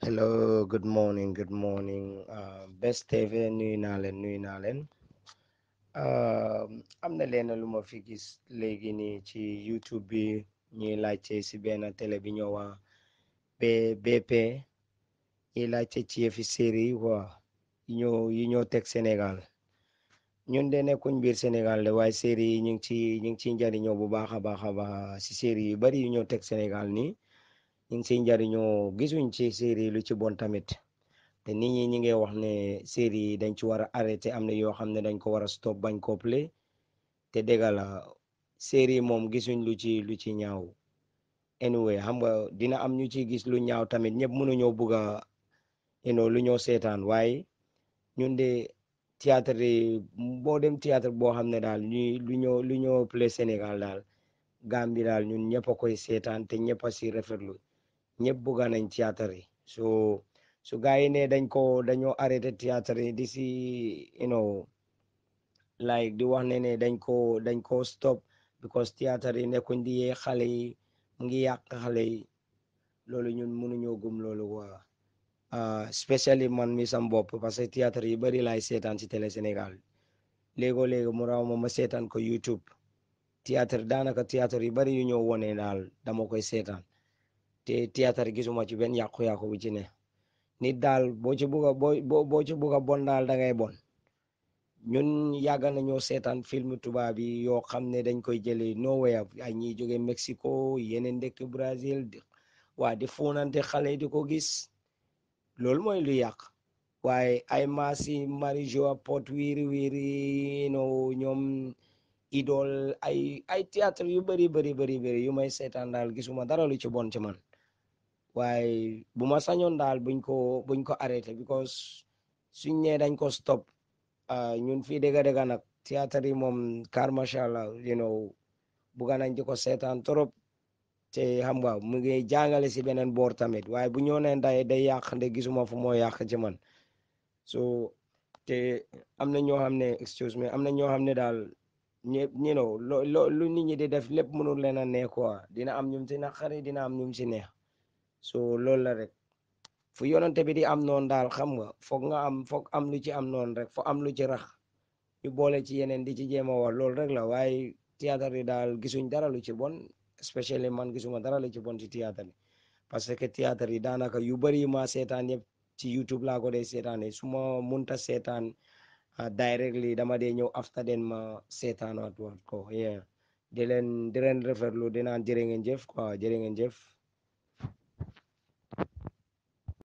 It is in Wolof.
hello good morning good morning uh, Best TV nuyu naa leen nuyu um, am na leen lu ma fi gis léegi nii ci YouTube bi ñuy laajte si benn télé bi ñoo waa BP ñuy laajte ci yëfi série yi quoi ñoo yi ñoo teg senegal ñun de nekkuñ biir Sénégal de waaye série yi ñu ngi ci ñu ngi ciy njariñoo bu baax a baax a si série yu bari ñoo teg senegal nii ñu ngi siy njariñoo gisuñ ci série lu ci bon tamit te nit ñi ñi ngi wax ne série yi dañ ci war a arrêté am na yoo xam ne dañ ko war a stop bañ ko play te dégg la yi moom gisuñ lu ci lu ci ñaaw anyway xam nga dina am ñu ci gis lu ñaaw tamit ñëpp mënuñoo bugg a you know lu ñoo seetaan waaye ñun de théâtre yi boo dem théâtre boo xam ne daal ñu lu ñoo lu ñoo play Sénégal daal Gambie daal ñu ñëpp koy seetaan te ñëpp a si rafetlu ñëpp bëgg nañ théâtre yi so su gars yi ne dañ ko dañoo arrêté théâtre di si you know like di wax ne ne dañ ko dañ ko stop because théâtre yi nekkuñ di yee xale yi mu ngi yàq xale yi loolu ñun mënuñoo gëm loolu waa ah, especially man mi sam bopp parce que théâtre yi bari laay seetaan ci tele Sénégal léegoo léegi mu raw ma ma seetaan ko YouTube théâtre daanaka théâtre yu bari yu ñoo wone daal dama koy seetaan te théâtre gisuma ci benn yàqu-yàqu bu ci ne nit daal boo ci bugg boo boo ci bugg a bon daal da bon ñun yàgg nañoo seetaan film tubaab yi yoo xam ne dañ koy jëlee Norway ay ñiy jóge Mexico yenen dëkk Brazil waa di fóonante xale di ko gis loolu mooy lu yàq waaye ay maasi marijo pot wiiri wiiri no ñoom idole ay ay théâtre yu bëri bëri bëri bëri yu may seetaan daal gisuma dara lu ci bon ci man waaye bu ma sañoon daal buñ ko buñ ko arrêté because suñ ne dañ ko stop ah, ñun fii dëgg dëgg nag théâtre yi moom car macha allah you know bugga nañ di ko seetaan trop te xam nga mu ngi jàngale si beneen boor tamit waaye bu ñëw ne day day yàq nde gisuma fu moo yàq ci man so te am na ñoo xam ne excuse me am na ñoo xam ne daal ñëpp ñu know lu nit ñi di def lépp mënul leen a neex quoi dina am ñum si naqari dina am ñum si neex so loolu la rek fu yonante bi di am noon daal xam nga foog nga am foog am lu ci am noonu rek fo am lu ci rax ñu boole ci yeneen di ci jéem a wax loolu rek la waaye théâtre yi daal gisuñ dara lu ci bon especially man gisuma dara lu ci bon ci théâtre yi parce que théâtre yi daanaka yu bari ma seetaan yëpp ci YouTube laa ko dee seetaane su ma munta seetaan Ah, directly dama dee ñëw after den ma seetaanaat waat ko yeah di leen di leen referlu dinaan jërë ngeen jëf quoi jërë ngeen jëf